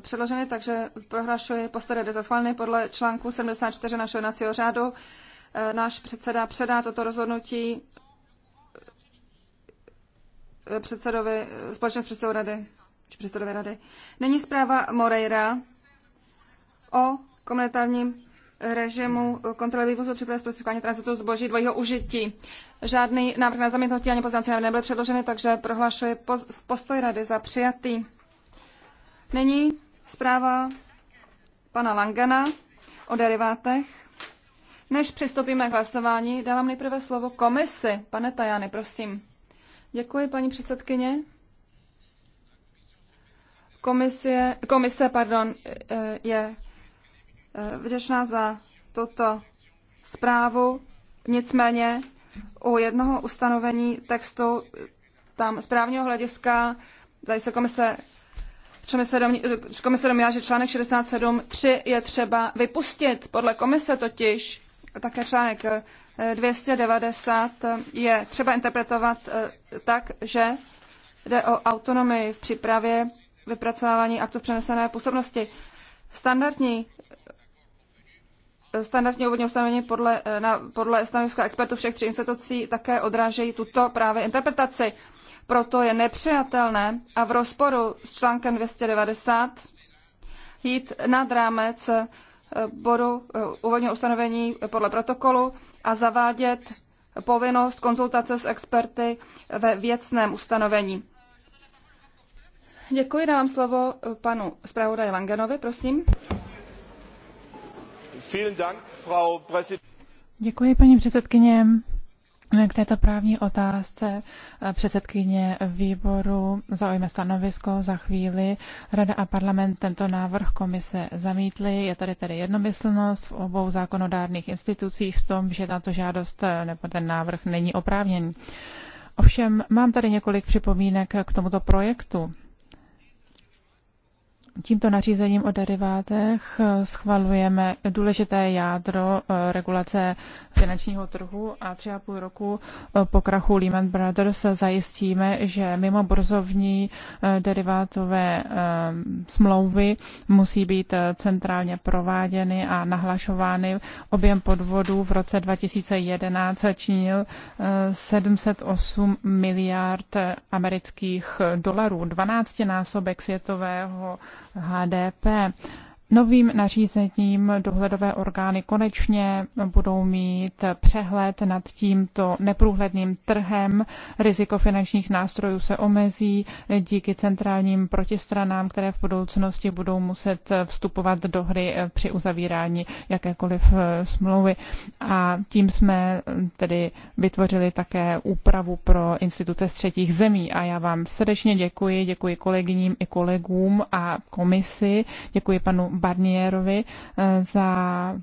předloženy, takže prohlašuji postoje za schválený podle článku 74 našeho jednacího řádu. Eh, náš předseda předá toto rozhodnutí eh, předsedovi, eh, společně s předsedou rady, či předsedové rady. Není zpráva Moreira o komunitárním režimu kontroly vývozu připravené zprostředkování tranzitu zboží dvojího užití. Žádný návrh na zamítnutí ani návrh nebyly předloženy, takže prohlašuji postoj rady za přijatý. Nyní Zpráva pana Langana o derivátech. Než přistoupíme k hlasování, dávám nejprve slovo komisi. Pane Tajany, prosím. Děkuji, paní předsedkyně. Komisie, komise pardon, je eh, vděčná za tuto zprávu. Nicméně u jednoho ustanovení textu eh, tam správního hlediska tady se komise Eh, komise domnívá, že článek 67.3 je třeba vypustit. Podle komise totiž také článek 290 eh, eh, je třeba interpretovat tak, že jde o autonomii v přípravě vypracovávání aktu přenesené působnosti. Standardní standardní úvodní ustanovení podle, eh, na, podle stanoviska expertů všech tří institucí také odrážejí tuto právě interpretaci. Proto je nepřijatelné a v rozporu s článkem 290 jít nad rámec eh, bodu eh, úvodního ustanovení podle protokolu a zavádět povinnost konzultace s experty ve věcném ustanovení. Děkuji, dávám slovo panu zpravodaji Langenovi, prosím. Děkuji, paní předsedkyně. K této právní otázce eh, předsedkyně výboru zaujme stanovisko za chvíli. Rada a parlament tento návrh komise zamítli. Je tady tedy jednomyslnost v obou zákonodárných institucích v tom, že tato žádost eh, nebo ten návrh není oprávněný. Ovšem mám tady několik připomínek k tomuto projektu tímto nařízením o derivátech schvalujeme důležité jádro eh, regulace finančního trhu a tři a půl roku eh, po krachu Lehman Brothers zajistíme, že mimo burzovní eh, derivátové smlouvy musí být centrálně prováděny a nahlašovány. Objem podvodů v roce 2011 činil 708 miliard amerických dolarů, 12 násobek světového HDP. Novým nařízením dohledové orgány konečně budou mít přehled nad tímto neprůhledným trhem. Riziko finančních nástrojů se omezí díky centrálním protistranám, které v budoucnosti budou muset vstupovat do hry při uzavírání jakékoliv smlouvy. A tím jsme tedy vytvořili také úpravu pro instituce z třetích zemí. A já vám srdečně děkuji, děkuji kolegyním i kolegům a komisi, děkuji panu Barnierovi eh, za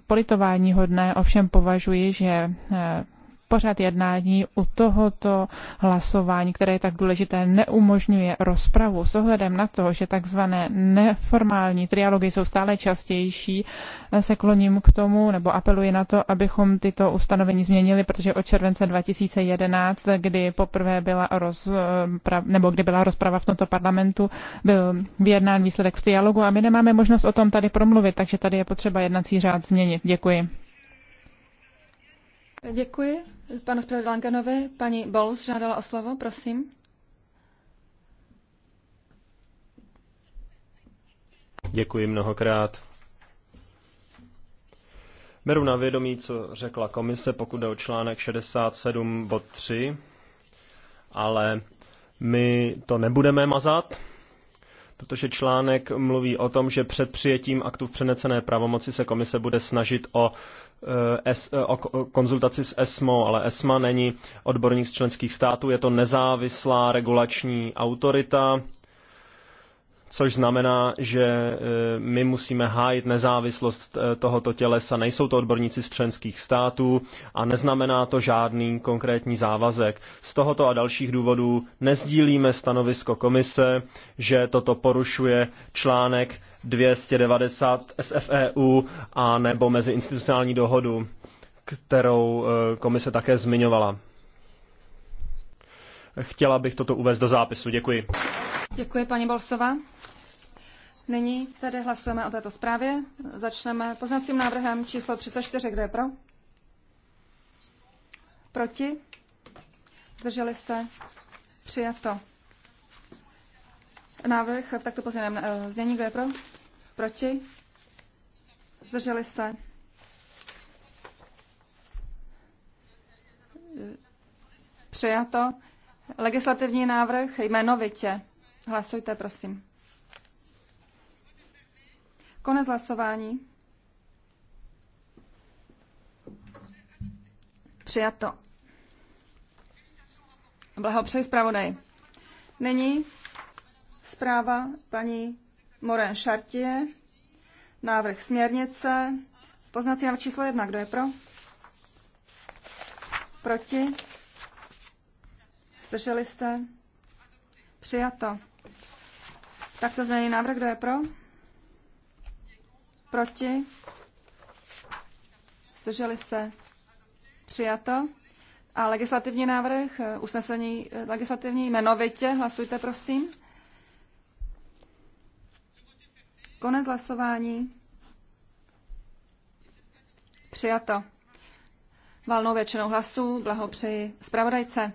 politování hodné, ovšem považuji, že eh, pořad jednání u tohoto hlasování, které je tak důležité, neumožňuje rozpravu s ohledem na to, že takzvané neformální trialogy jsou stále častější, se kloním k tomu nebo apeluji na to, abychom tyto ustanovení změnili, protože od července 2011, kdy poprvé byla rozprava, nebo kdy byla rozprava v tomto parlamentu, byl vyjednán výsledek v trialogu a my nemáme možnost o tom tady promluvit, takže tady je potřeba jednací řád změnit. Děkuji. Děkuji panu zpravodaji Langanovi. Paní Bowles žádala o slovo, prosím. Děkuji mnohokrát. Beru na vědomí, co řekla komise, pokud jde o článek 67 bod 3, ale my to nebudeme mazat, protože článek mluví o tom, že před přijetím aktu v přenecené pravomoci se komise bude snažit o Eh, s, eh, o konzultaci s ESMO, ale ESMA není odborník z členských států, je to nezávislá regulační autorita, což znamená, že eh, my musíme hájit nezávislost tohoto tělesa. Nejsou to odborníci z členských států a neznamená to žádný konkrétní závazek. Z tohoto a dalších důvodů nezdílíme stanovisko komise, že toto porušuje článek 290 SFEU a nebo mezi institucionální dohodu, kterou eh, komise také zmiňovala. Chtěla bych toto uvést do zápisu. Děkuji. Děkuji, paní Bolsová. Nyní tedy hlasujeme o této zprávě. Začneme poznacím návrhem číslo 34. Kdo je pro? Proti? Zdrželi se? Přijato. Návrh v takto pozměněném eh, znění. Kdo je pro? Proti? Zdrželi se? Přijato. Legislativní návrh jmenovitě. Hlasujte, prosím. Konec hlasování. Přijato. Blahopřeji zpravodaj. Nyní zpráva paní Moren Chartier, návrh směrnice, poznací návrh číslo jedna, kdo je pro? Proti? Zdrželi jste? Přijato. Takto změněný návrh, kdo je pro? Proti? Zdrželi se? Přijato. A legislativní návrh, usnesení eh, legislativní jmenovitě, hlasujte prosím. Konec hlasování. Přijato. Valnou většinou hlasů blahopřeji zpravodajce.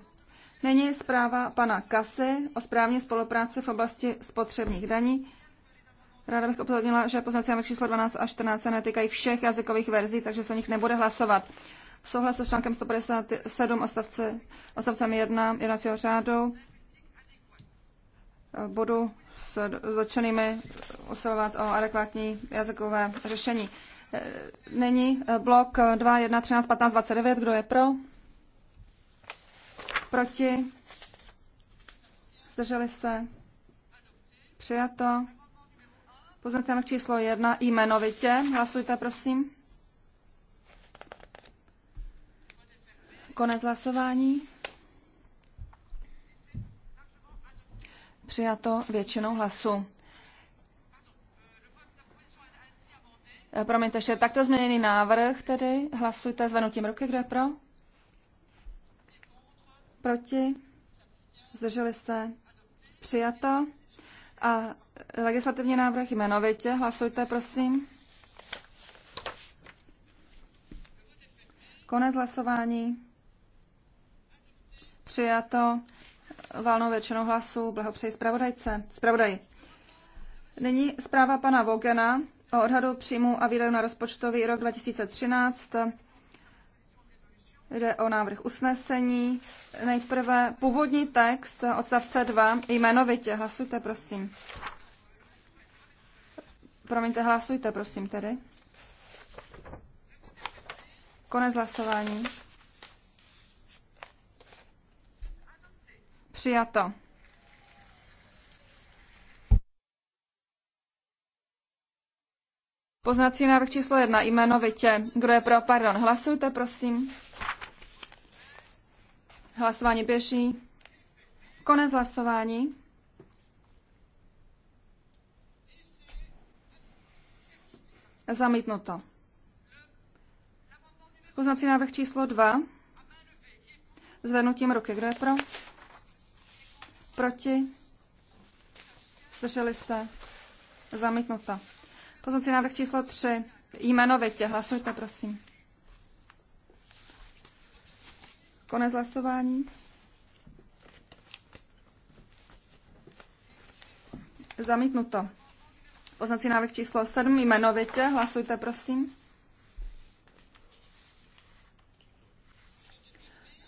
Nyní zpráva pana Kasy o správní spolupráci v oblasti spotřebních daní. Ráda bych upozornila, že poznací číslo 12 a 14 se netýkají všech jazykových verzí, takže se o nich nebude hlasovat. V souhlasu s článkem 157 odstavce, odstavcem 1 jednacího řádu bodu s dotčenými usilovat o adekvátní jazykové řešení. Není blok 2, 1, 13, 15, 29. Kdo je pro? Proti? Zdrželi se? Přijato. Poznací návrh číslo 1 jmenovitě. Hlasujte, prosím. Konec hlasování. Přijato většinou hlasu. Eh, promiňte, že takto změněný návrh tedy. Hlasujte venutím ruky. Kdo je pro? Proti? Zdrželi se? Přijato. A legislativní návrh jmenovitě. Hlasujte, prosím. Konec hlasování. Přijato valnou většinou hlasů. Blahopřeji zpravodajce. Zpravodaj. Nyní zpráva pana Vogena o odhadu příjmu a výdajů na rozpočtový rok 2013. Jde o návrh usnesení. Nejprve původní text odstavce 2 jmenovitě. Hlasujte, prosím. Promiňte, hlasujte, prosím, tedy. Konec hlasování. Přijato. Poznací návrh číslo jedna, jmenovitě. Kdo je pro? Pardon. Hlasujte, prosím. Hlasování běží. Konec hlasování. Zamítnuto. Poznací návrh číslo dva. Zvednutím ruky. Kdo je pro? Proti? Zdrželi se? Zamítnuto. Pozvací návrh číslo 3. Jmenovitě. Hlasujte, prosím. Konec hlasování. Zamítnuto. Poznací návrh číslo 7 jmenovitě. Hlasujte, prosím.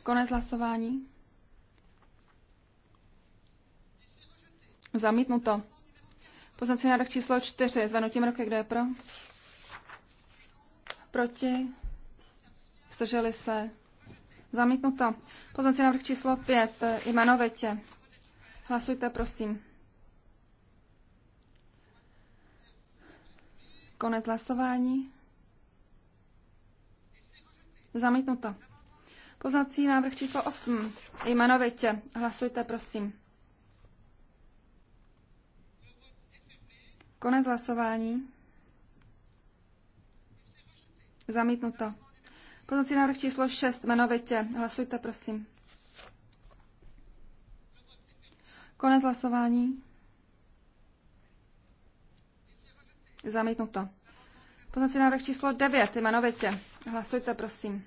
Konec hlasování. Zamítnuto. Poznací návrh číslo 4. Zvanutím ruky, kdo je pro? Proti? Zdrželi se? Zamítnuto. Poznací návrh číslo 5. Jmenovitě. Hlasujte, prosím. Konec hlasování. Zamítnuto. Poznací návrh číslo 8. Jmenovitě. Hlasujte, prosím. Konec hlasování. Zamítnuto. Poznací návrh číslo 6, jmenovitě. Hlasujte, prosím. Konec hlasování. Zamítnuto. Poznací návrh číslo 9, jmenovitě. Hlasujte, prosím.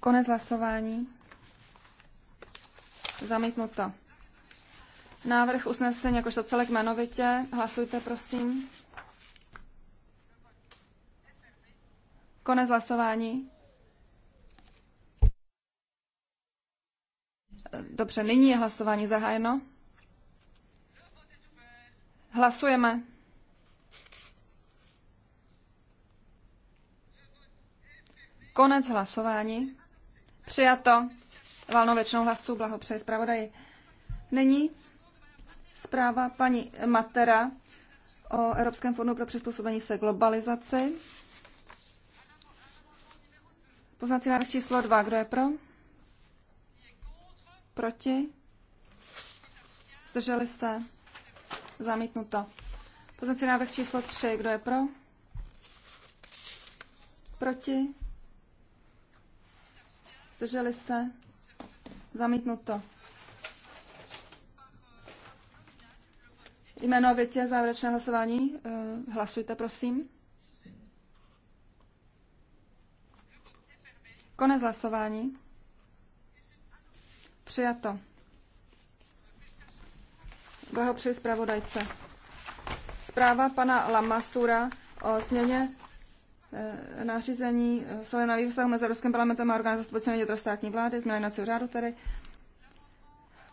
Konec hlasování. Zamítnuto. Návrh usnesení jakožto celek jmenovitě. Hlasujte, prosím. Konec hlasování. Dobře, nyní je hlasování zahájeno. Hlasujeme. Konec hlasování. Přijato. Válnou většinou hlasů blahopřeji zpravodaji. Nyní Zpráva paní Matera o Evropském fondu pro přizpůsobení se globalizaci. Poznací návrh číslo 2. Kdo je pro? Proti? Zdrželi se? Zamítnuto. Poznací návrh číslo 3. Kdo je pro? Proti? Zdrželi se? Zamítnuto. jmenovitě závěrečné hlasování. Eh, hlasujte, prosím. Konec hlasování. Přijato. Blahopřeji zpravodajce. Zpráva pana Lamastura o změně eh, nářízení eh, v souhledu na vývztahu mezi Ruským parlamentem a organizací společné vnitrostátní vlády, změna jednacího řádu tedy.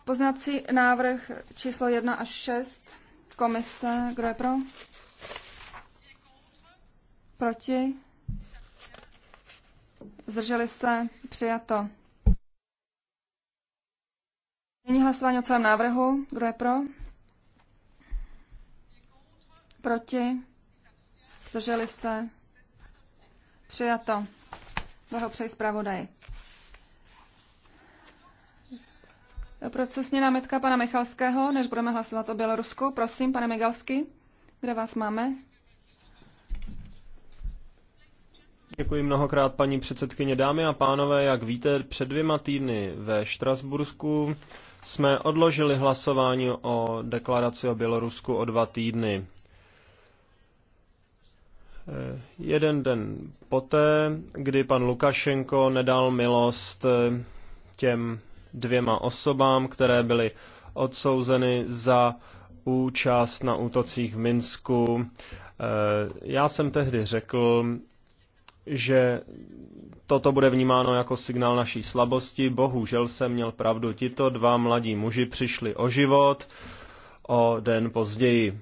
Poznací návrh číslo 1 až 6 komise, kdo je pro? Proti? Zdrželi se? Přijato. Nyní hlasování o celém návrhu. Kdo je pro? Proti? Zdrželi se? Přijato. Blahopřeji zpravodaji. Procesní námitka pana Michalského, než budeme hlasovat o Bělorusku. Prosím, pane Migalsky, kde vás máme? Děkuji mnohokrát, paní předsedkyně. Dámy a pánové, jak víte, před dvěma týdny ve Štrasbursku jsme odložili hlasování o deklaraci o Bělorusku o dva týdny. Eh, jeden den poté, kdy pan Lukašenko nedal milost eh, těm dvěma osobám, které byly odsouzeny za účast na útocích v Minsku. Eh, já jsem tehdy řekl, že toto bude vnímáno jako signál naší slabosti. Bohužel jsem měl pravdu. Tito dva mladí muži přišli o život o den později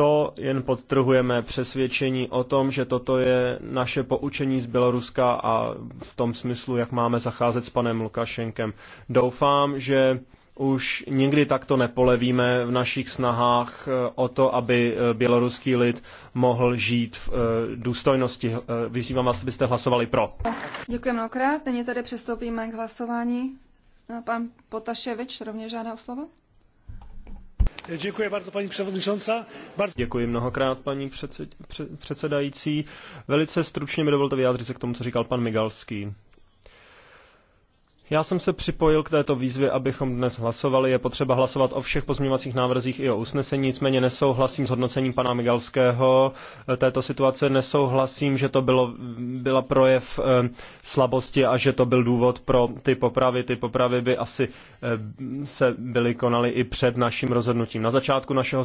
to jen podtrhujeme přesvědčení o tom, že toto je naše poučení z Běloruska a v tom smyslu, jak máme zacházet s panem Lukašenkem. Doufám, že už nikdy takto nepolevíme v našich snahách eh, o to, aby eh, běloruský lid mohl žít v eh, důstojnosti. Vyzývám vás, abyste hlasovali pro. Děkuji mnohokrát. Nyní tady přistoupíme k hlasování. Pan Potaševič rovněž žádá o slovo. Děkuji bardzo, paní předsedající. Děkuji mnohokrát, paní předsedající. Velice stručně mi dovolte vyjádřit se k tomu, co říkal pan Migalský. Já jsem se připojil k této výzvě, abychom dnes hlasovali. Je potřeba hlasovat o všech pozměňovacích návrzích i o usnesení, nicméně nesouhlasím s hodnocením pana Migalského této situace, nesouhlasím, že to bylo, byla projev eh, slabosti a že to byl důvod pro ty popravy. Ty popravy by asi eh, se byly konaly i před naším rozhodnutím. Na začátku našeho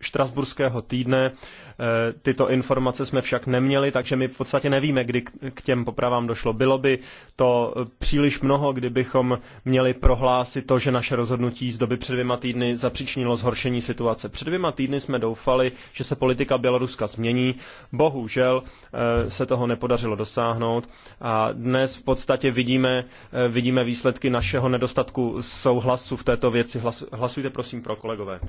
štrasburského týdne eh, tyto informace jsme však neměli, takže my v podstatě nevíme, kdy k těm popravám došlo. Bylo by to příliš mnoho kdybychom měli prohlásit to, že naše rozhodnutí z doby před dvěma týdny zapříčinilo zhoršení situace. Před dvěma týdny jsme doufali, že se politika Běloruska změní. Bohužel eh, se toho nepodařilo dosáhnout a dnes v podstatě vidíme, eh, vidíme výsledky našeho nedostatku souhlasu v této věci. Hlasujte prosím pro kolegové.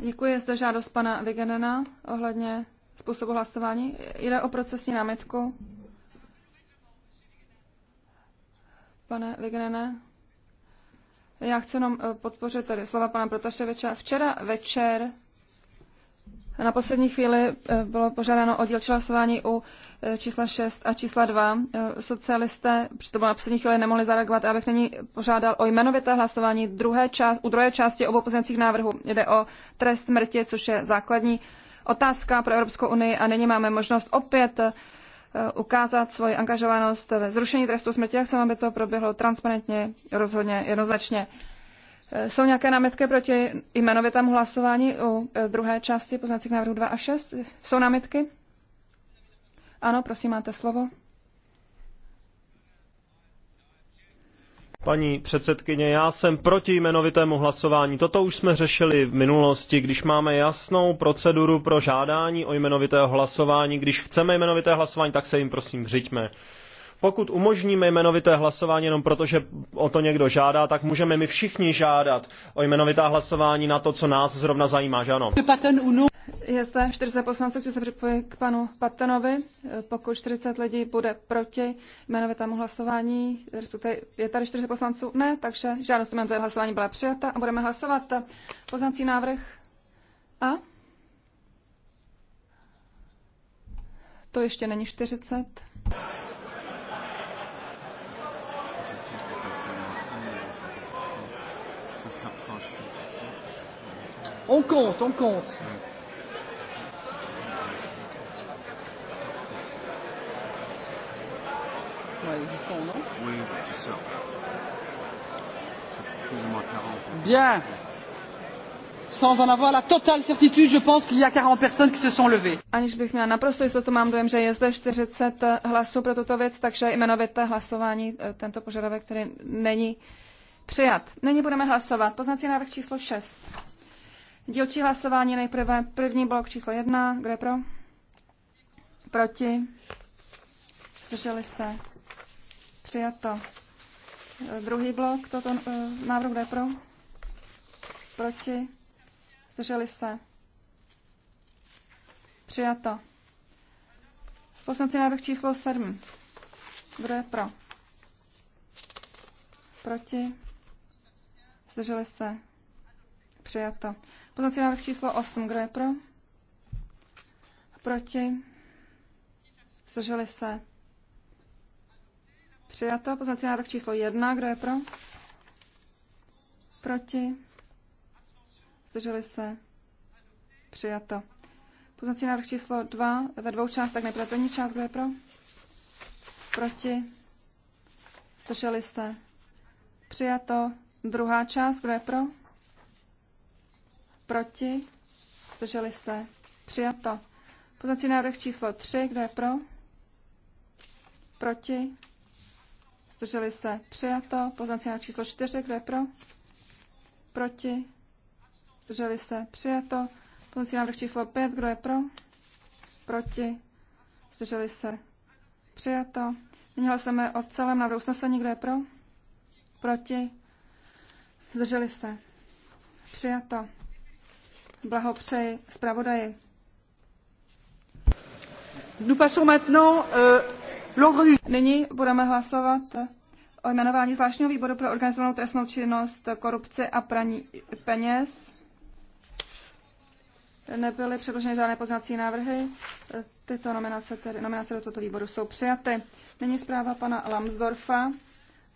Děkuji, je zde žádost pana Vigenena ohledně způsobu hlasování. Jde o procesní námitku. pane Vignene. Já chci jenom eh, podpořit tady slova pana Protaševiča. Včera večer na poslední chvíli eh, bylo požádáno o dílčí hlasování u eh, čísla 6 a čísla 2. Socialisté, to bylo na poslední chvíli, nemohli zareagovat, abych není požádal o jmenovité hlasování druhé část, u druhé části obou pozměňovacích návrhů. Jde o trest smrti, což je základní otázka pro Evropskou unii a nyní máme možnost opět Eh, ukázat svoji angažovanost ve zrušení trestu smrti. Jak chceme, aby to proběhlo transparentně, rozhodně, jednoznačně. Eh, jsou nějaké námitky proti jmenovitému hlasování u eh, druhé části poznacích návrhů 2 a 6? Jsou námitky? Ano, prosím, máte slovo. Paní předsedkyně, já jsem proti jmenovitému hlasování. Toto už jsme řešili v minulosti, když máme jasnou proceduru pro žádání o jmenovitého hlasování. Když chceme jmenovité hlasování, tak se jim prosím řiďme. Pokud umožníme jmenovité hlasování jenom proto, že o to někdo žádá, tak můžeme my všichni žádat o jmenovitá hlasování na to, co nás zrovna zajímá, že ano? Je zde 40 poslanců, kteří se připojí k panu Patanovi. Pokud 40 lidí bude proti jmenovitému hlasování, je tady 40 poslanců? Ne, takže žádost o jmenovité hlasování byla přijata a budeme hlasovat poznací návrh A. To ještě není 40. On compte, on compte. Oui, c'est ça. C'est plus ou moins 40. Bien. Sans en avoir la totale certitude, je pense qu'il y a 40 personnes qui se sont levées. Aniž bych měla naprosto jistotu, mám dojem, že je zde 40 eh, hlasů pro tuto věc, takže jmenovité hlasování eh, tento požadavek, který není přijat. Nyní budeme hlasovat. Poznací návrh číslo 6. Dílčí hlasování nejprve první blok číslo 1. Kdo je pro? Proti? Zdrželi se? Přijato. Druhý blok, toto eh, návrh jde pro? Proti? Zdrželi se? Přijato. Poslanci návrh číslo 7. Kdo je pro? Proti? Zdrželi se? Přijato. Poslanci návrh číslo 8. Kdo je pro? Proti? Zdrželi se? Přijato. Poznací návrh číslo jedna. Kdo je pro? Proti? Zdrželi se? Přijato. Poznací návrh číslo dva. ve dvou částech. Nejprve první část. Kdo je pro? Proti? Zdrželi se? Přijato. Druhá část. Kdo je pro? Proti? Zdrželi se? Přijato. Poznací návrh číslo tři. Kdo je pro? Proti? Zdrželi se přijato. Poznací návrh číslo 4. Kdo je pro? Proti? Zdrželi se přijato. Poznací návrh číslo 5. Kdo je pro? Proti? Zdrželi se přijato. Nyní hlasujeme o celém návrhu usnesení. Kdo je pro? Proti? Zdrželi se. Přijato. Blahopřeji zpravodaji. Nous passons maintenant euh, Nyní budeme hlasovat o jmenování zvláštního výboru pro organizovanou trestnou činnost, korupci a praní peněz. Nebyly předloženy žádné poznací návrhy. Tyto nominace, tedy nominace do tohoto výboru jsou přijaty. Nyní zpráva pana Lambsdorfa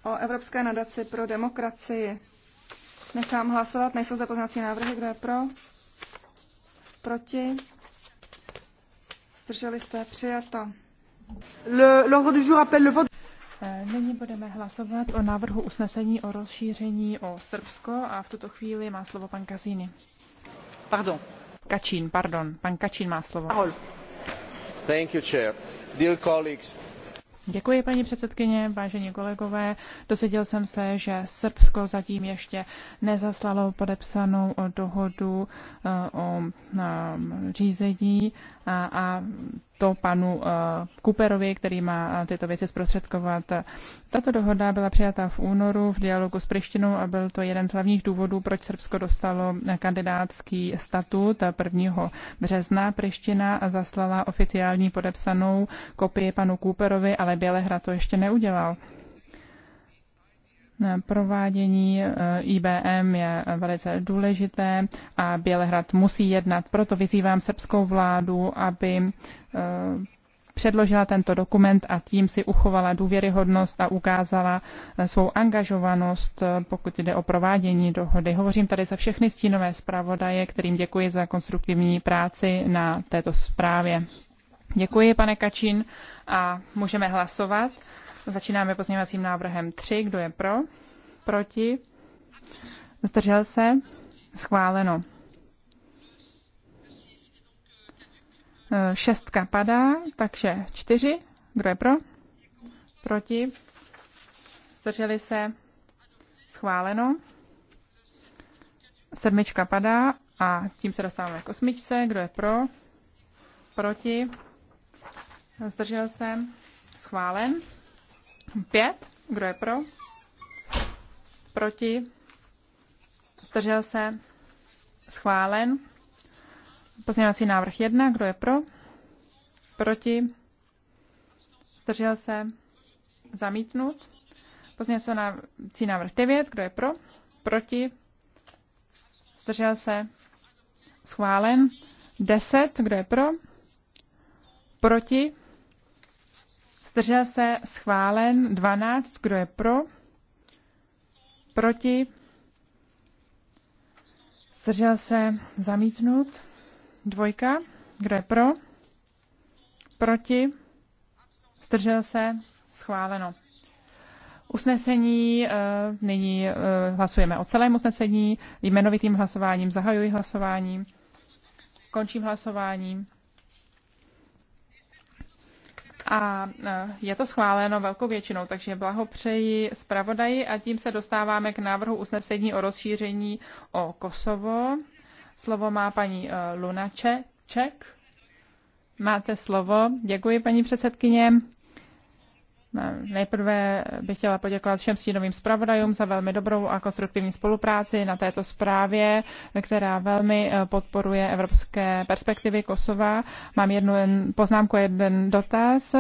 o Evropské nadaci pro demokracii. Nechám hlasovat, nejsou zde poznací návrhy. Kdo je pro? Proti? Zdrželi se? Přijato. L'ordre du jour appelle le vote. Eh, nyní budeme hlasovat o návrhu usnesení o rozšíření o Srbsko a v tuto chvíli má slovo pan Kazíny. Pardon. Kačín, pardon. Pan Kačín má slovo. Thank you, chair. Dear colleagues, Děkuji, paní předsedkyně, vážení kolegové. Dosvěděl jsem se, že Srbsko zatím ještě nezaslalo podepsanou dohodu eh, o eh, řízení a, a to panu uh, Cooperovi, který má uh, tyto věci zprostředkovat. Tato dohoda byla přijata v únoru v dialogu s Prištinou a byl to jeden z hlavních důvodů, proč Srbsko dostalo kandidátský statut 1. března. Priština zaslala oficiální podepsanou kopii panu Cooperovi, ale Bělehrad to ještě neudělal provádění eh, IBM je velice důležité a Bělehrad musí jednat. Proto vyzývám srbskou vládu, aby eh, předložila tento dokument a tím si uchovala důvěryhodnost a ukázala eh, svou angažovanost, pokud jde o provádění dohody. Hovořím tady za všechny stínové zpravodaje, kterým děkuji za konstruktivní práci na této zprávě. Děkuji, pane Kačín, a můžeme hlasovat. Začínáme pozměňovacím návrhem 3. Kdo je pro? Proti? Zdržel se? Schváleno. E, šestka padá, takže čtyři. Kdo je pro? Proti? Zdrželi se? Schváleno. Sedmička padá a tím se dostáváme k osmičce. Kdo je pro? Proti? Zdržel se? Schválen. Pět. Kdo je pro? Proti? Zdržel se? Schválen. Pozměňovací návrh 1. Kdo je pro? Proti? Zdržel se? Zamítnut. Pozměňovací návrh 9. Kdo je pro? Proti? Zdržel se? Schválen. 10. Kdo je pro? Proti? Zdržel se schválen 12, kdo je pro? Proti? Zdržel se zamítnut dvojka, kdo je pro? Proti? Zdržel se schváleno. Usnesení, eh, nyní eh, hlasujeme o celém usnesení, jmenovitým hlasováním zahajuji hlasování, končím hlasování a e, je to schváleno velkou většinou, takže blahopřeji zpravodaji a tím se dostáváme k návrhu usnesení o rozšíření o Kosovo. Slovo má paní e, Lunaček. Máte slovo. Děkuji, paní předsedkyně. Nejprve bych chtěla poděkovat všem stínovým zpravodajům za velmi dobrou a konstruktivní spolupráci na této zprávě, která velmi eh, podporuje evropské perspektivy Kosova. Mám jednu poznámku a jeden dotaz.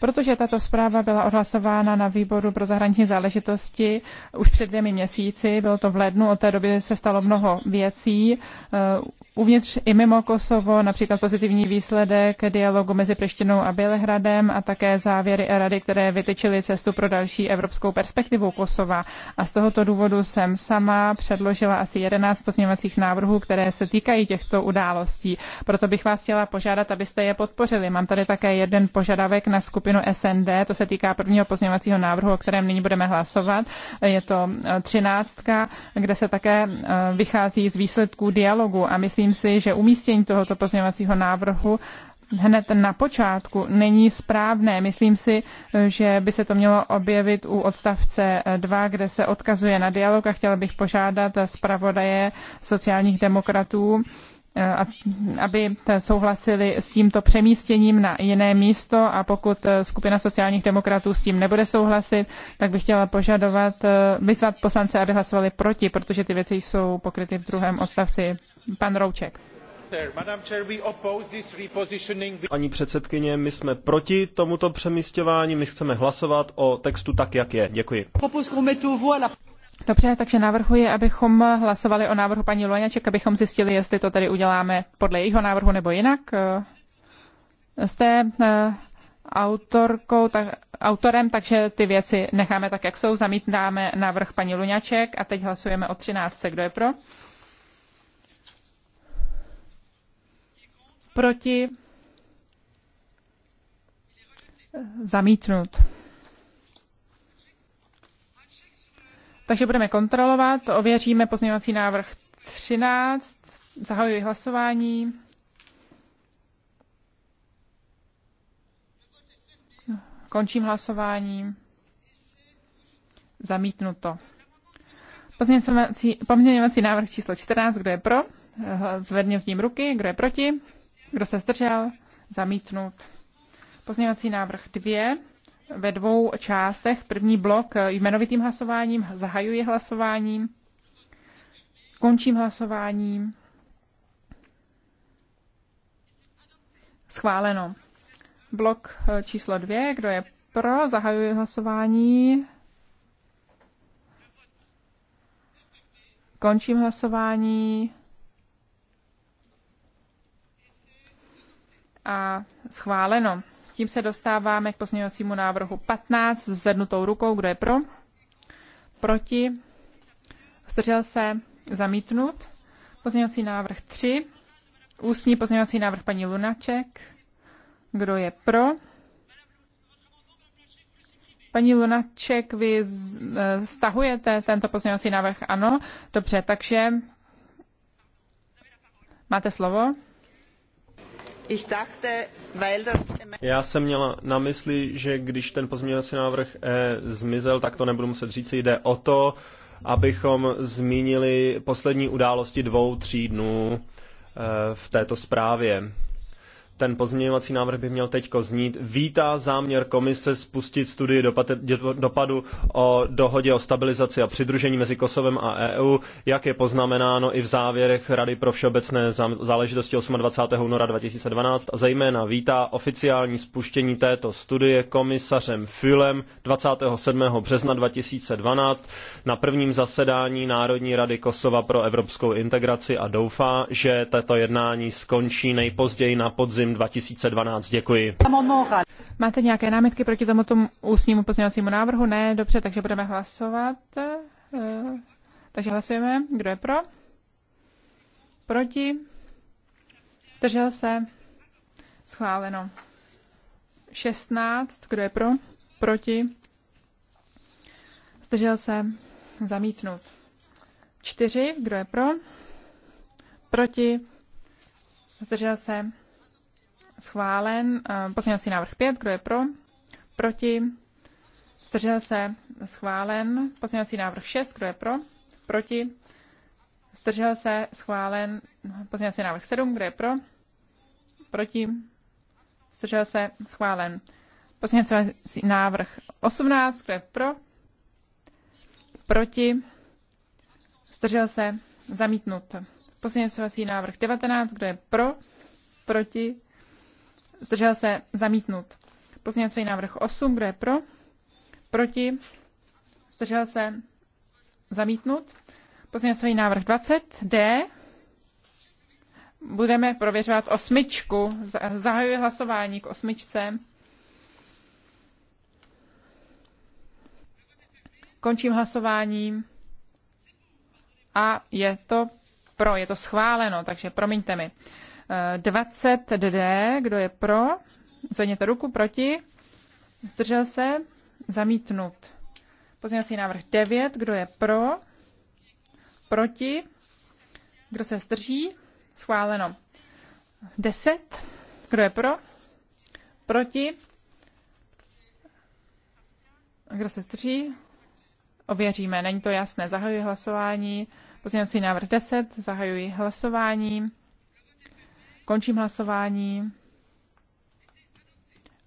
Protože tato zpráva byla odhlasována na výboru pro zahraniční záležitosti už před dvěmi měsíci, bylo to v lednu, od té doby se stalo mnoho věcí. Eh, uvnitř i mimo Kosovo, například pozitivní výsledek dialogu mezi Prištinou a Bělehradem a také závěry rady, které vytyčily cestu pro další evropskou perspektivu Kosova. A z tohoto důvodu jsem sama předložila asi 11 pozměňovacích návrhů, které se týkají těchto událostí. Proto bych vás chtěla požádat, abyste je podpořili. Mám tady také jeden požadavek na skupinu SND, to se týká prvního pozměňovacího návrhu, o kterém nyní budeme hlasovat. Je to třináctka, kde se také eh, vychází z výsledků dialogu a myslím, myslím si, že umístění tohoto pozměňovacího návrhu hned na počátku není správné. Myslím si, že by se to mělo objevit u odstavce 2, kde se odkazuje na dialog a chtěla bych požádat zpravodaje sociálních demokratů, eh, aby souhlasili s tímto přemístěním na jiné místo a pokud eh, skupina sociálních demokratů s tím nebude souhlasit, tak bych chtěla požadovat, eh, vyzvat poslance, aby hlasovali proti, protože ty věci jsou pokryty v druhém odstavci Pan Rouček. Paní předsedkyně, my jsme proti tomuto přemístování, my chceme hlasovat o textu tak, jak je. Děkuji. Dobře, takže navrhuji, abychom hlasovali o návrhu paní Loňaček, abychom zjistili, jestli to tady uděláme podle jejího návrhu nebo jinak. Eh, jste eh, autorkou, tak, autorem, takže ty věci necháme tak, jak jsou. Zamítáme návrh paní Luňaček a teď hlasujeme o 13. Kdo je pro? proti, zamítnut. Takže budeme kontrolovat, ověříme pozměňovací návrh 13, zahajuji hlasování. Končím hlasování. Zamítnuto. Pozměňovací, pozměňovací návrh číslo 14, kdo je pro? tím ruky, kdo je proti? Kdo se zdržel? Zamítnut. Pozměňovací návrh 2 ve dvou částech. První blok jmenovitým hlasováním. Zahajuji hlasováním. Končím hlasováním. Schváleno. Blok číslo dvě. Kdo je pro? Zahajuji hlasování. Končím hlasování. a schváleno. Tím se dostáváme k pozměňovacímu návrhu 15 s zvednutou rukou. Kdo je pro? Proti? Zdržel se? Zamítnut. Pozměňovací návrh 3. Ústní pozměňovací návrh paní Lunaček. Kdo je pro? Paní Lunaček, vy e, stahujete tento pozměňovací návrh? Ano. Dobře, takže máte slovo. Já jsem měla na mysli, že když ten pozměňovací návrh e, zmizel, tak to nebudu muset říct, jde o to, abychom zmínili poslední události dvou, tří dnů e, v této zprávě ten pozměňovací návrh by měl teďko znít. Vítá záměr komise spustit studii dopadu o dohodě o stabilizaci a přidružení mezi Kosovem a EU, jak je poznamenáno i v závěrech Rady pro všeobecné záležitosti 28. února 2012 a zejména vítá oficiální spuštění této studie komisařem Fülem 27. března 2012 na prvním zasedání Národní rady Kosova pro evropskou integraci a doufá, že tato jednání skončí nejpozději na podzim podzim 2012. Děkuji. Máte nějaké námitky proti tomuto ústnímu pozměňovacímu návrhu? Ne, dobře, takže budeme hlasovat. Eh, takže hlasujeme. Kdo je pro? Proti? Zdržel se? Schváleno. 16. Kdo je pro? Proti? Zdržel se? Zamítnut. 4. Kdo je pro? Proti? Zdržel se? schválen. Eh, pozměňovací návrh 5, kdo je pro? Proti? Zdržel se? Schválen. Pozměňovací návrh 6, kdo je pro? Proti? Zdržel se? Schválen. Pozměňovací návrh 7, kdo je pro? Proti? Zdržel se? Schválen. Pozměňovací návrh 18, kdo je pro? Proti? Zdržel se? Zamítnut. Pozměňovací návrh 19, kdo je pro? Proti? Zdržel se zamítnut. Pozměňovací návrh 8, kdo je pro? Proti? Zdržel se zamítnut. Pozměňovací návrh 20D. Budeme prověřovat osmičku. Zahajuji hlasování k osmičce. Končím hlasování. A je to pro, je to schváleno, takže promiňte mi. 20D, kdo je pro, zvedněte ruku, proti, zdržel se, zamítnut. Pozměňovací návrh 9, kdo je pro, proti, kdo se zdrží, schváleno. 10, kdo je pro, proti, kdo se zdrží, ověříme, není to jasné, zahajuji hlasování. Pozměňovací návrh 10, zahajuji hlasování. Končím hlasování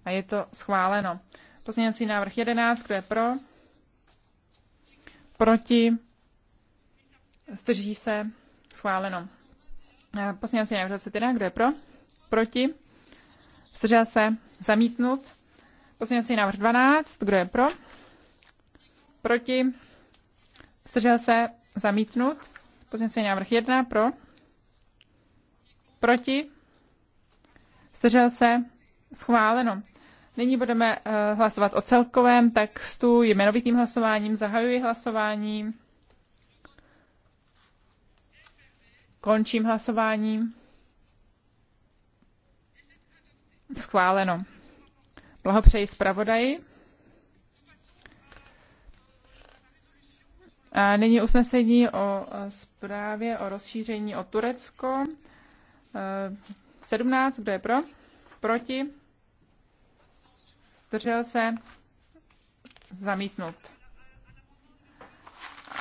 a je to schváleno. Pozměňovací návrh 11, kdo je pro? Proti? Zdrží se? Schváleno. E, pozměňovací návrh 21, kdo je pro? Proti? Zdržel se? Zamítnut. Pozměňovací návrh 12, kdo je pro? Proti? Zdržel se? Zamítnut. Pozměňovací návrh 1, pro? Proti? Zdržel se? Schváleno. Nyní budeme eh, hlasovat o celkovém textu jmenovitým hlasováním. Zahajuji hlasování. Končím hlasování. Schváleno. Blahopřeji zpravodaji. A nyní usnesení o eh, zprávě o rozšíření o Turecko. 17, kdo je pro? Proti? Zdržel se? Zamítnut.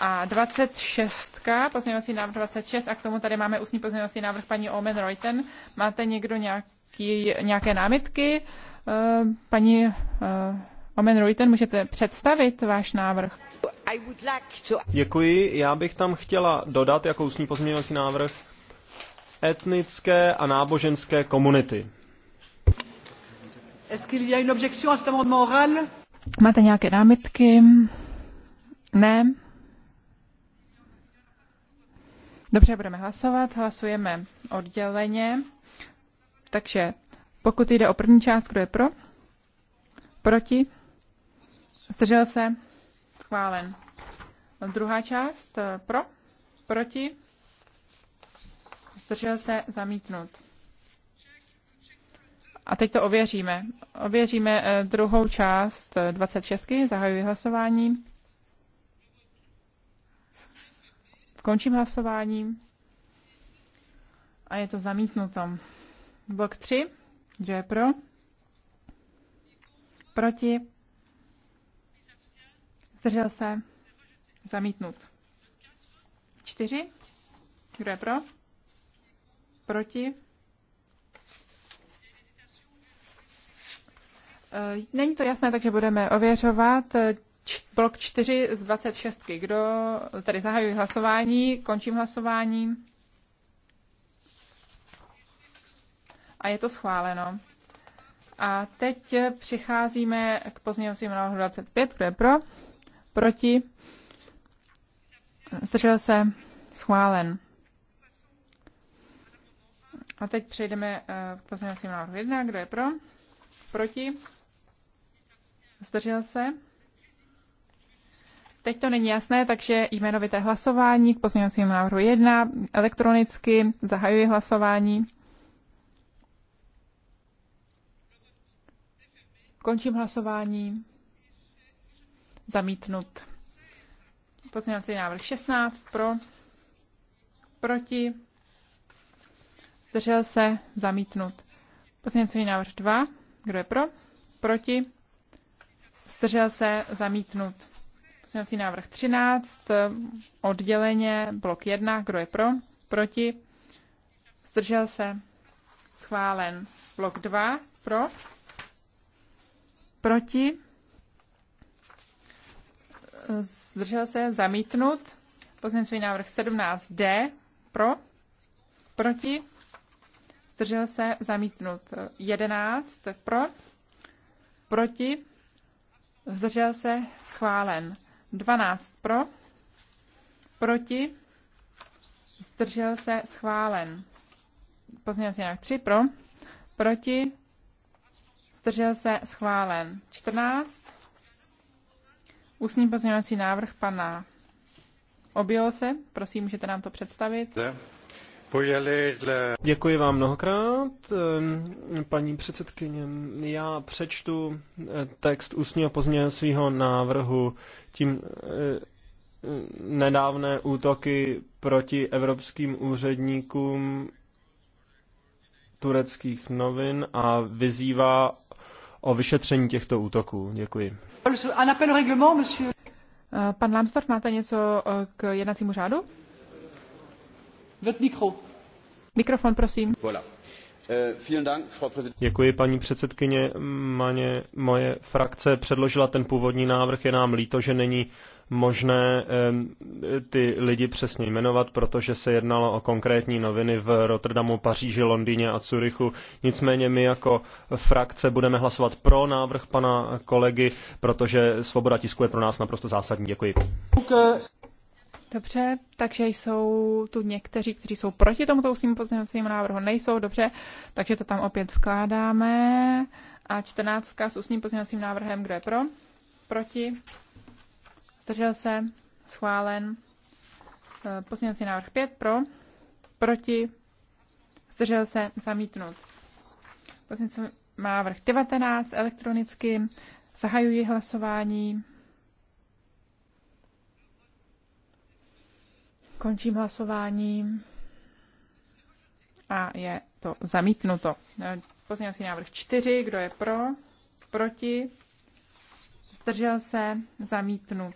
A 26, pozměňovací návrh 26, a k tomu tady máme ústní pozměňovací návrh paní Omen Reuten. Máte někdo nějaký, nějaké námitky? Eh, paní eh, Omen Reuten, můžete představit váš návrh? Děkuji, já bych tam chtěla dodat jako ústní pozměňovací návrh etnické a náboženské komunity. Máte nějaké námitky? Ne? Dobře, budeme hlasovat. Hlasujeme odděleně. Takže pokud jde o první část, kdo je pro? Proti? Zdržel se? Schválen. Druhá část eh, pro? Proti? zdržel se, zamítnut. A teď to ověříme. Ověříme eh, druhou část 26. Eh, Zahajuji hlasování. Končím hlasování. A je to zamítnuto. Blok 3. Kdo je pro? Proti? Zdržel se? Zamítnut. 4. Kdo je pro? Proti? E, není to jasné, takže budeme ověřovat e, blok 4 z 26. Kdo tady zahajuji hlasování, končím hlasování. A je to schváleno. A teď přicházíme k pozměňovacímu návrhu 25. Kdo je pro? Proti? Zdržel se? Schválen. A teď přejdeme eh, k pozměňovacímu návrhu 1. Kdo je pro? Proti? Zdržel se? Teď to není jasné, takže jmenovité hlasování k pozměňovacímu návrhu 1 elektronicky zahajuji hlasování. Končím hlasování. Zamítnut. Pozměňovací návrh 16 pro, proti, zdržel se, zamítnut. Pozměňovací návrh 2, kdo je pro, proti, zdržel se, zamítnut. Pozměňovací návrh 13, odděleně, blok 1, kdo je pro, proti, zdržel se, schválen. Blok 2, pro, proti, zdržel se, zamítnut. Pozměňovací návrh 17D, pro, proti, zdržel se, zamítnut 11, pro, proti, zdržel se, schválen 12, pro, proti, zdržel se, schválen. Pozměňovací návrh 3, pro, proti, zdržel se, schválen 14, Ústní pozměňovací návrh pana Objelo se, prosím, můžete nám to představit. Děkuji vám mnohokrát, eh, paní předsedkyně. Já přečtu eh, text ústního pozměňovacího návrhu tím eh, nedávné útoky proti evropským úředníkům tureckých novin a vyzývá o vyšetření těchto útoků. Děkuji. Pan Lambsdorff, máte něco k jednacímu řádu? Mikrofon, prosím. Eh, Děkuji, paní předsedkyně. moje frakce předložila ten původní návrh. Je nám líto, že není možné ty lidi přesně jmenovat, protože se jednalo o konkrétní noviny v Rotterdamu, Paříži, Londýně a Curychu. Nicméně my jako frakce budeme hlasovat pro návrh pana kolegy, protože svoboda tisku je pro nás naprosto zásadní. Děkuji. Dobře, takže jsou tu někteří, kteří jsou proti tomuto svým pozměňovacímu návrhu, nejsou, dobře, takže to tam opět vkládáme. A čtrnáctka s ústním pozměňovacím návrhem, kdo je pro? Proti? Zdržel se? Schválen. E, pozměňovací návrh 5 pro? Proti? Zdržel se? Zamítnut. Pozměňovací návrh 19 elektronicky. Zahajuji hlasování. Končím hlasování a je to zamítnuto. Pozměňovací návrh 4, kdo je pro, proti, zdržel se, zamítnut.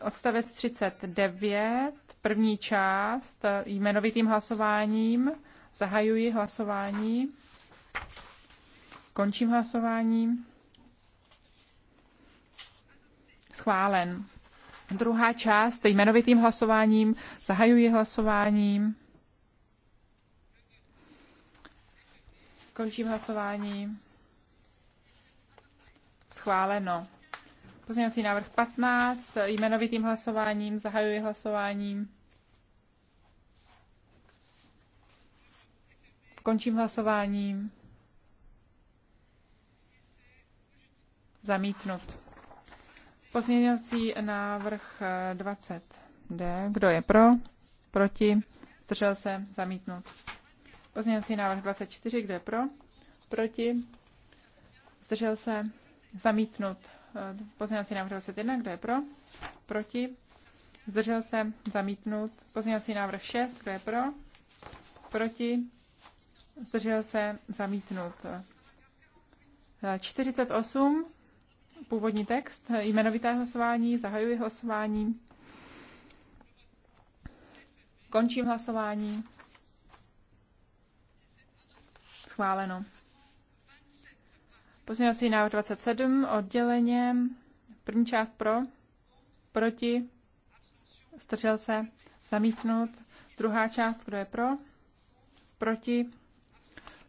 Odstavec 39, první část, jmenovitým hlasováním, zahajuji hlasování, končím hlasování, schválen. Druhá část jmenovitým hlasováním. Zahajuji hlasováním. Končím hlasování. Schváleno. Pozměňovací návrh 15. Jmenovitým hlasováním. Zahajuji hlasováním. Končím hlasováním. Zamítnut. Pozměňovací návrh 20D. Eh, Kdo je pro? Proti? Zdržel se? Zamítnut. Pozměňovací návrh 24. Eh, Kdo je pro? Proti? Zdržel se? Zamítnut. Pozměňovací návrh 21. Kdo je pro? Proti? Zdržel se? Zamítnut. Pozměňovací návrh 6. Kdo je pro? Proti? Zdržel se? Zamítnut. 48 původní text, jmenovité hlasování, zahajuji hlasování, končím hlasování. Schváleno. Pozměňovací návrh 27, odděleně, první část pro, proti, stržel se, zamítnut, druhá část, kdo je pro, proti,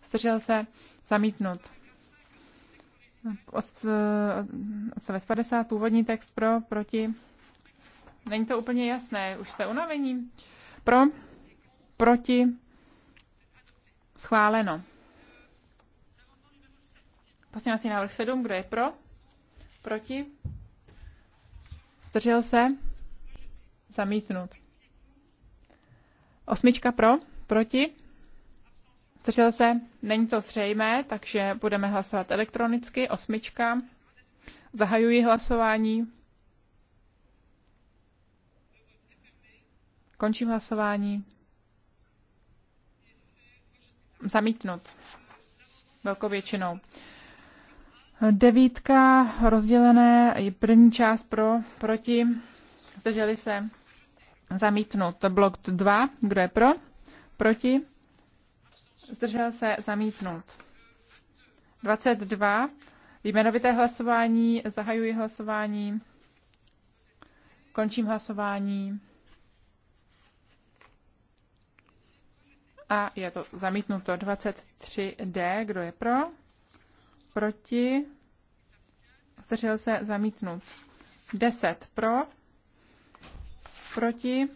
stržel se, zamítnut. Eh, odstavec 50, původní text pro, proti. Není to úplně jasné, už se unavení. Pro, proti, schváleno. Pozměňovací návrh 7, kdo je pro? Proti? Zdržel se? Zamítnut. Osmička pro? Proti? Zdržel se? Není to zřejmé, takže budeme hlasovat elektronicky. Osmička. Zahajuji hlasování. Končím hlasování. Zamítnut. Velkou většinou. Devítka rozdělené je první část pro, proti. Zdrželi se. Zamítnut. Blok 2. Kdo je pro? Proti zdržel se, zamítnut. 22, jmenovité hlasování, zahajuji hlasování, končím hlasování a je to zamítnuto. 23D, kdo je pro? Proti? Zdržel se, zamítnut. 10 pro, proti,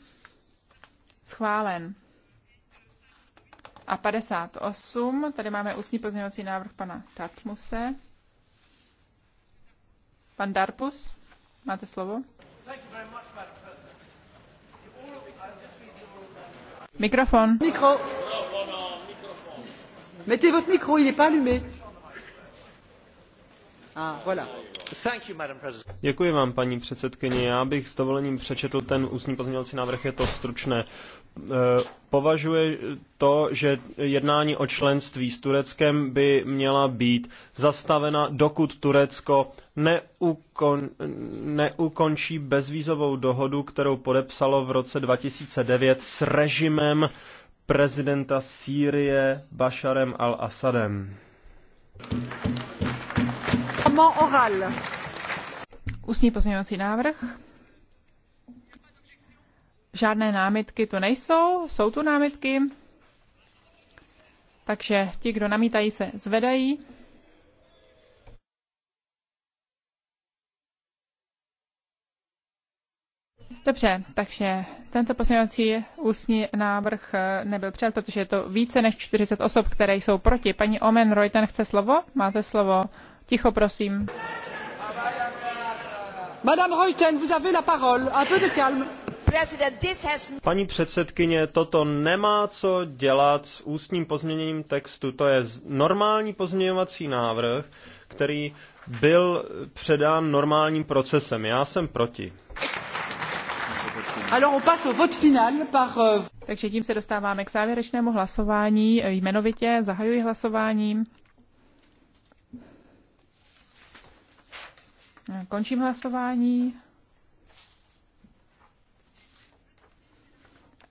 schválen a 58. Tady máme ústní pozměňovací návrh pana Tatmuse. Pan Darpus, máte slovo. Mikrofon. Mikro. Mettez votre micro, il n'est pas allumé. Ah, voilà. Děkuji vám, paní předsedkyně. Já bych s dovolením přečetl ten ústní pozměňovací návrh, je to stručné. Eh, považuje to, že jednání o členství s Tureckem by měla být zastavena, dokud Turecko neukon, neukončí bezvízovou dohodu, kterou podepsalo v roce 2009 s režimem prezidenta Sýrie Basharem al-Assadem. Ústní pozměňovací návrh. Žádné námitky to nejsou, jsou tu námitky. Takže ti, kdo namítají, se zvedají. Dobře, takže tento poslanecí ústní návrh eh, nebyl přijat, protože je to více než 40 osob, které jsou proti. Paní Omen Reuten chce slovo? Máte slovo. Ticho, prosím. Madame Reuten, vous avez la parole. Un peu de calme. Paní předsedkyně, toto nemá co dělat s ústním pozměněním textu. To je normální pozměňovací návrh, který byl předán normálním procesem. Já jsem proti. Euh, Takže tím se dostáváme k závěrečnému hlasování. Jmenovitě zahajuji hlasování. Končím hlasování.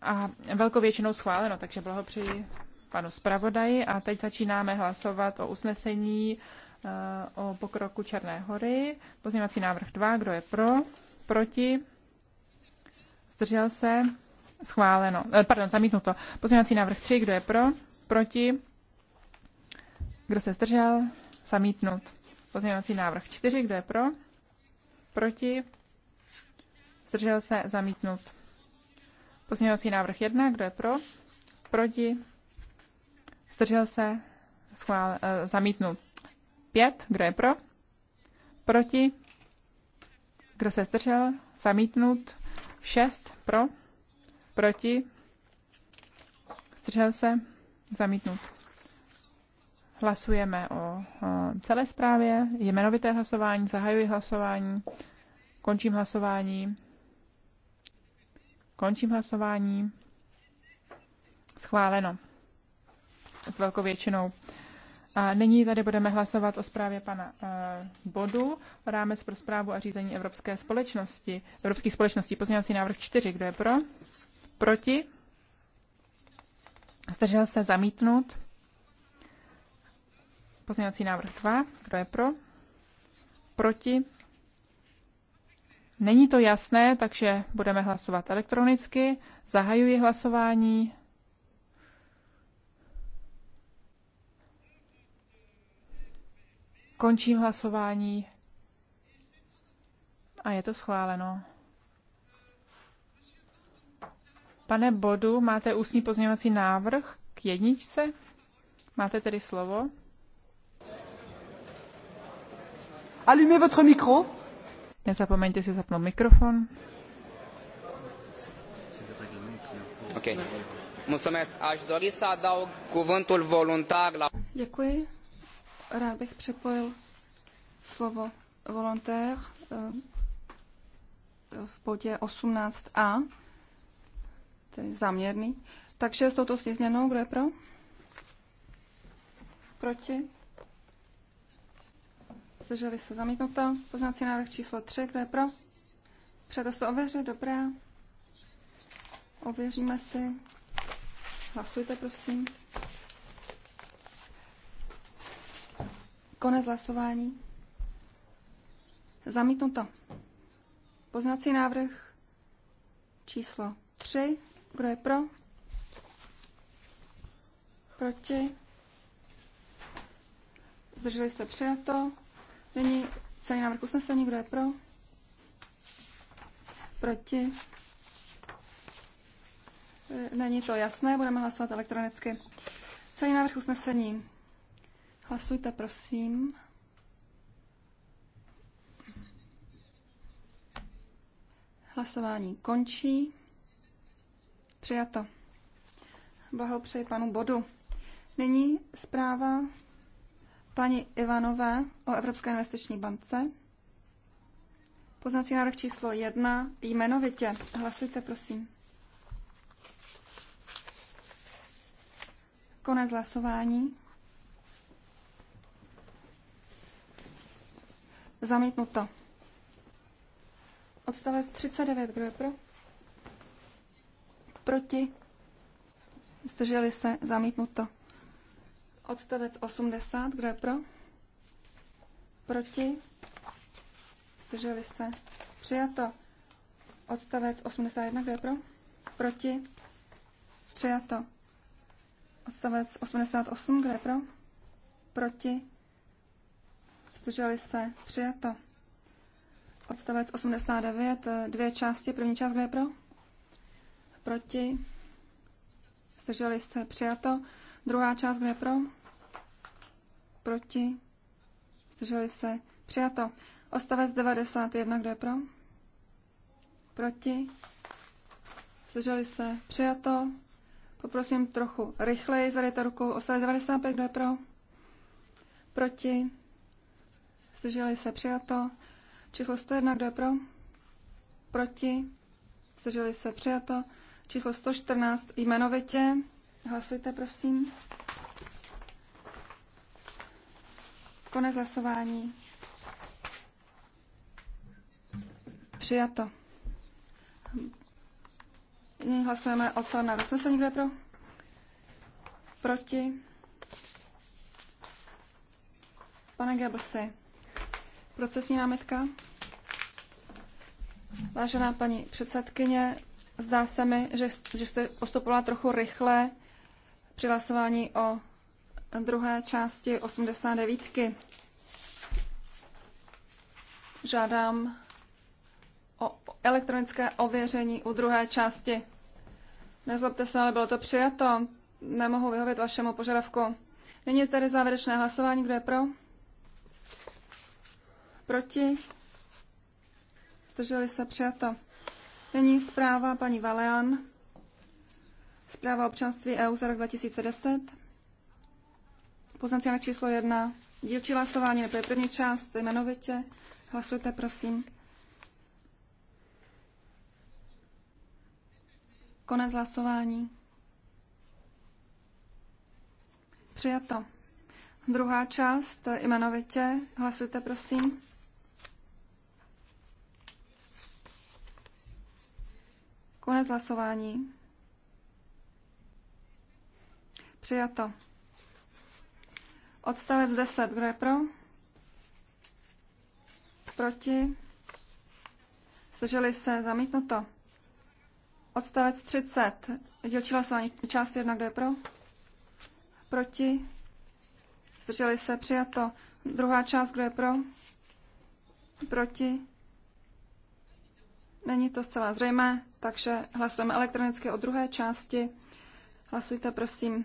a velkou většinou schváleno, takže blahopřeji panu zpravodaji a teď začínáme hlasovat o usnesení eh, o pokroku Černé hory. Pozměňovací návrh 2, kdo je pro, proti, zdržel se, schváleno, eh, pardon, zamítnuto. Pozměňovací návrh 3, kdo je pro, proti, kdo se zdržel, zamítnut. Pozměňovací návrh 4, kdo je pro, proti, zdržel se, zamítnut. Pozměňovací návrh 1, kdo je pro? Proti? Zdržel se? Schvál, e, zamítnut. 5, kdo je pro? Proti? Kdo se zdržel? Zamítnut. 6, pro? Proti? Zdržel se? Zamítnut. Hlasujeme o, o celé zprávě. Jmenovité hlasování. Zahajuji hlasování. Končím hlasování. Končím hlasování. Schváleno. S velkou většinou. A nyní tady budeme hlasovat o zprávě pana uh, Bodu, rámec pro zprávu a řízení Evropské společnosti, Evropských společností, pozměňovací návrh 4. Kdo je pro? Proti? Zdržel se zamítnout. Pozměňovací návrh 2. Kdo je pro? Proti? Není to jasné, takže budeme hlasovat elektronicky. Zahajuji hlasování. Končím hlasování. A je to schváleno. Pane Bodu, máte ústní pozměňovací návrh k jedničce? Máte tedy slovo? Allumez votre micro. Nezapomeňte si zapnout mikrofon. Okay. Mulțumesc. Aș dori să adaug cuvântul voluntar la... Děkuji. Rád bych připojil slovo volontér eh, v bodě 18a, tedy záměrný. Takže s touto změnou, kdo je pro? Proti? zdrželi se zamítnuto. Poznací návrh číslo 3, kdo je pro? Předost to ověřit, dobré. Ověříme si. Hlasujte, prosím. Konec hlasování. Zamítnuto. Poznací návrh číslo 3. Kdo je pro? Proti? Zdrželi se přijato. Nyní celý návrh usnesení, kdo je pro? Proti? E, není to jasné, budeme hlasovat elektronicky. Celý návrh usnesení. Hlasujte, prosím. Hlasování končí. Přijato. Blahopřeji panu Bodu. Nyní zpráva paní Ivanové o Evropské investiční bance. Poznací návrh číslo 1 jmenovitě. Hlasujte, prosím. Konec hlasování. Zamítnuto. Odstavec 39. Kdo je pro? Proti? Zdrželi se? Zamítnuto. Odstavec 80, kdo je pro? Proti? Zdrželi se. Přijato. Odstavec 81, kdo je pro? Proti? Přijato. Odstavec 88, kdo je pro? Proti? Zdrželi se. Přijato. Odstavec 89, dvě části. První část, kdo je pro? Proti? Zdrželi se. Přijato. Druhá část, kdo je pro? Proti? Zdrželi se? Přijato. Ostavec 91, kdo je pro? Proti? Zdrželi se? Přijato. Poprosím trochu rychleji, zadejte ruku. Ostavec 95, kdo je pro? Proti? Zdrželi se? Přijato. Číslo 101, kdo je pro? Proti? Zdrželi se? Přijato. Číslo 114, jmenovitě. Hlasujte, prosím. Konec hlasování. Přijato. Nyní hlasujeme o celém návrhu. Jsme se někde pro? Proti? Pane Gablsi, procesní námitka? Vážená paní předsedkyně, zdá se mi, že, že jste postupovala trochu rychle při hlasování o druhé části 89. devítky Žádám o elektronické ověření u druhé části. Nezlobte se, ale bylo to přijato. Nemohu vyhovět vašemu požadavku. Nyní je tady závěrečné hlasování. Kdo je pro? Proti? Zdrželi se přijato. Nyní zpráva paní Valean. Zpráva občanství EU za rok 2010. Poznací číslo jedna. Dílčí hlasování, nebo první část jmenovitě. Hlasujte, prosím. Konec hlasování. Přijato. Druhá část jmenovitě. Hlasujte, prosím. Konec hlasování. Přijato. Odstavec 10. Kdo je pro? Proti? Zdrželi se? Zamítnuto. Odstavec 30. dělčí hlasování. Část 1. Kdo je pro? Proti? Zdrželi se? Přijato. Druhá část. Kdo je pro? Proti? Není to zcela zřejmé, takže hlasujeme elektronicky o druhé části. Hlasujte, prosím.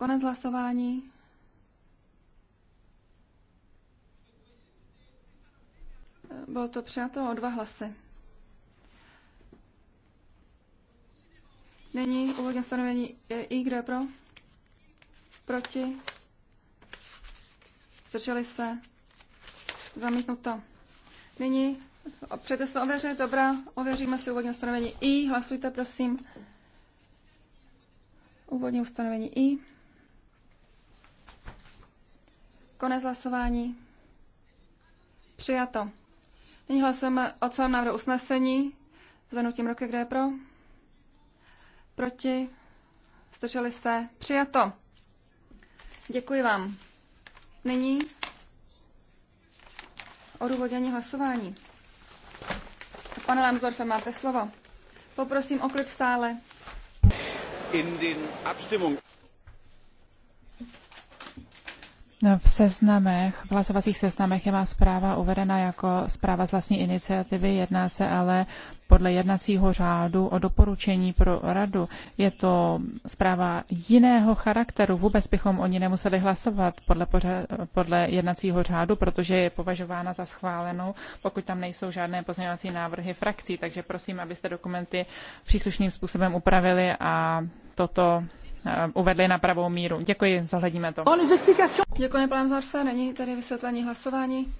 Konec hlasování. Bylo to přijato o dva hlasy. Nyní úvodní stanovení I, kdo je pro? Proti? Zdrželi se? Zamítnuto. Nyní přejte se ověřit, dobrá, ověříme si úvodní ustanovení I, hlasujte prosím. Úvodní ustanovení I. Konec hlasování. Přijato. Nyní hlasujeme o celém návrhu usnesení. Zvednutím ruky, kde je pro? Proti? Zdrželi se? Přijato. Děkuji vám. Nyní důvodění hlasování. Pane Lamsdorfe, máte slovo. Poprosím o klid v sále. In den Abstimmung. v seznamech, v hlasovacích seznamech je má zpráva uvedena jako zpráva z vlastní iniciativy. Jedná se ale podle jednacího řádu o doporučení pro radu. Je to zpráva jiného charakteru. Vůbec bychom o ní nemuseli hlasovat podle, pořa- podle jednacího řádu, protože je považována za schválenou, pokud tam nejsou žádné pozměňovací návrhy frakcí. Takže prosím, abyste dokumenty příslušným způsobem upravili a toto Eh, uvedli na pravou míru. Děkuji, zohledníme to. Děkuji, pane Zarfe, není tady vysvětlení hlasování.